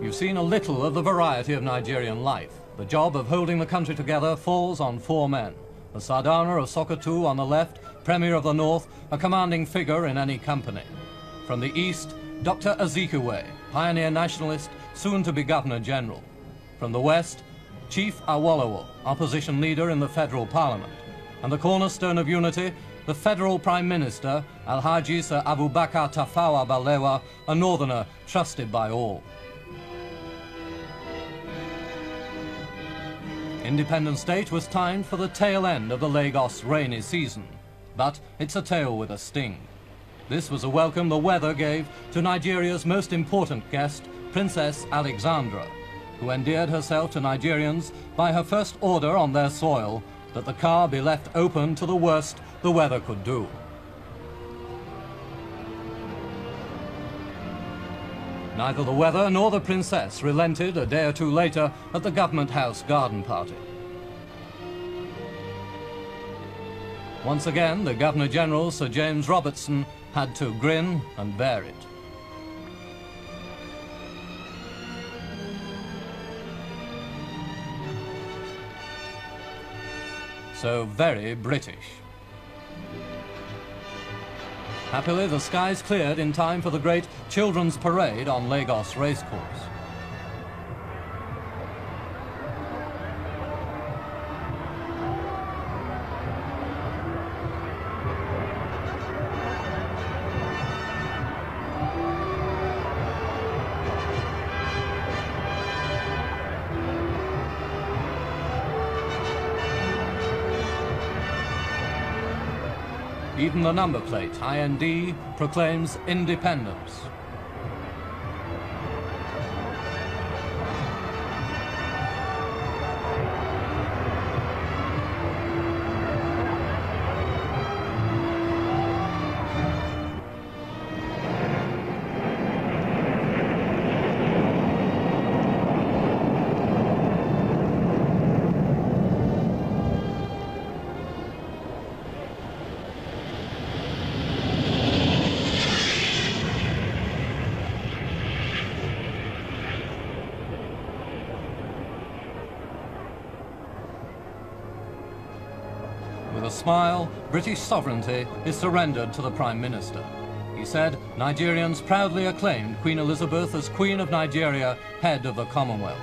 You've seen a little of the variety of Nigerian life. The job of holding the country together falls on four men. The Sardana of Sokotu on the left, Premier of the North, a commanding figure in any company. From the east, Dr. Azikiwe, pioneer nationalist, soon to be Governor General. From the west, Chief Awolowo, opposition leader in the federal parliament. And the cornerstone of unity, the federal prime minister, Alhaji Sir Abubakar Tafawa Balewa, a northerner trusted by all. Independence Day was timed for the tail end of the Lagos rainy season, but it's a tail with a sting. This was a welcome the weather gave to Nigeria's most important guest, Princess Alexandra, who endeared herself to Nigerians by her first order on their soil that the car be left open to the worst the weather could do. Neither the weather nor the princess relented a day or two later at the Government House garden party. Once again, the Governor-General, Sir James Robertson, had to grin and bear it. So very British. Happily, the skies cleared in time for the great children's parade on Lagos Racecourse. Even the number plate, IND, proclaims independence. With a smile, British sovereignty is surrendered to the Prime Minister. He said, Nigerians proudly acclaimed Queen Elizabeth as Queen of Nigeria, head of the Commonwealth.